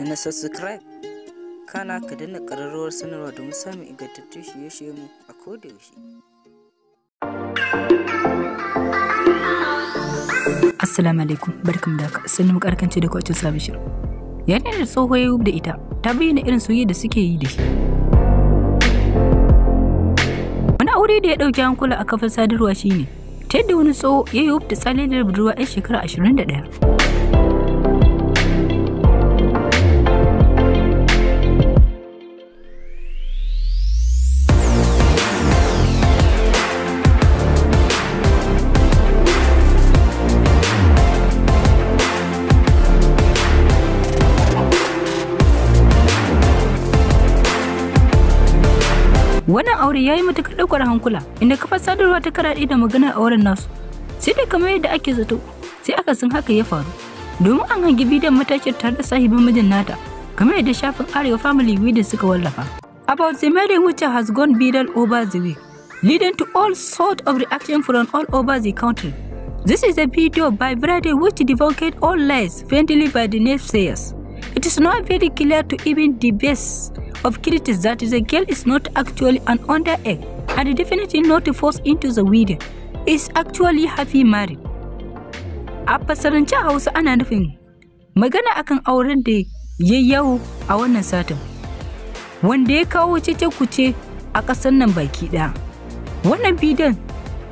da na subscribe kana ka dana ƙararrawar sanarwa domin samun ingantattun shirye-shirye mu a kodayaushe. Assalamu alaikum barkam da ka sanin karkance da kwacin sabon shirin. Yanayin da tsoho ya da ita ta bayyana irin soyayya da suke yi da shi. Wani aure da ya ɗauki hankula a kafar sadarwa shine ta yadda wani tsoho ya yi da tsalilin budurwa 'yan shekara 21. wannan aure ya yi matuƙar ɗaukar hankula inda kafar sadarwa ta karaɗe da a auren nasu sai dai kamar yadda ake zato sai aka san haka ya faru domin an hangi bidiyon matakin tare da sahibin mijin nata kamar yadda shafin arewa family video suka wallafa about the married which has gone viral over the week leading to all sort of reaction from all over the country this is a video by Brady which devocates all lies friendly by the naysayers it is not very clear to even the best of critics that the girl is not actually an underage and definitely not forced into the wedding, is actually happy married. A fasarance Hausa ana nufin magana akan auren da ya yawo a wannan satin, wanda ya kawo cece-kuce a ƙasar nan baki ɗaya. Wannan bidiyon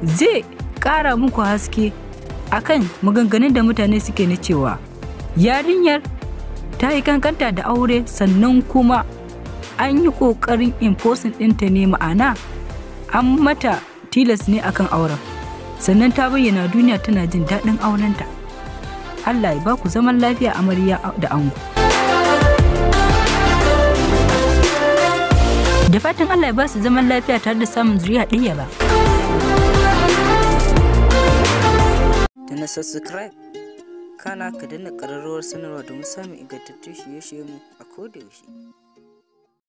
zai ƙara muku haske akan maganganun da mutane suke na cewa yarinyar ta yi kankanta da aure sannan kuma an yi ƙoƙarin enforcing ɗinta ne ma'ana an mata tilas ne akan auren sannan ta bayyana duniya tana jin daɗin aurenta allah ya ba zaman lafiya amarya da ango da fatan allah ya ba su zaman lafiya tare da samun zuriya ɗaya ba da na subscribe kana ka dana ƙararrawar sanarwa domin samun ingantattun shirye mu a kodayaushe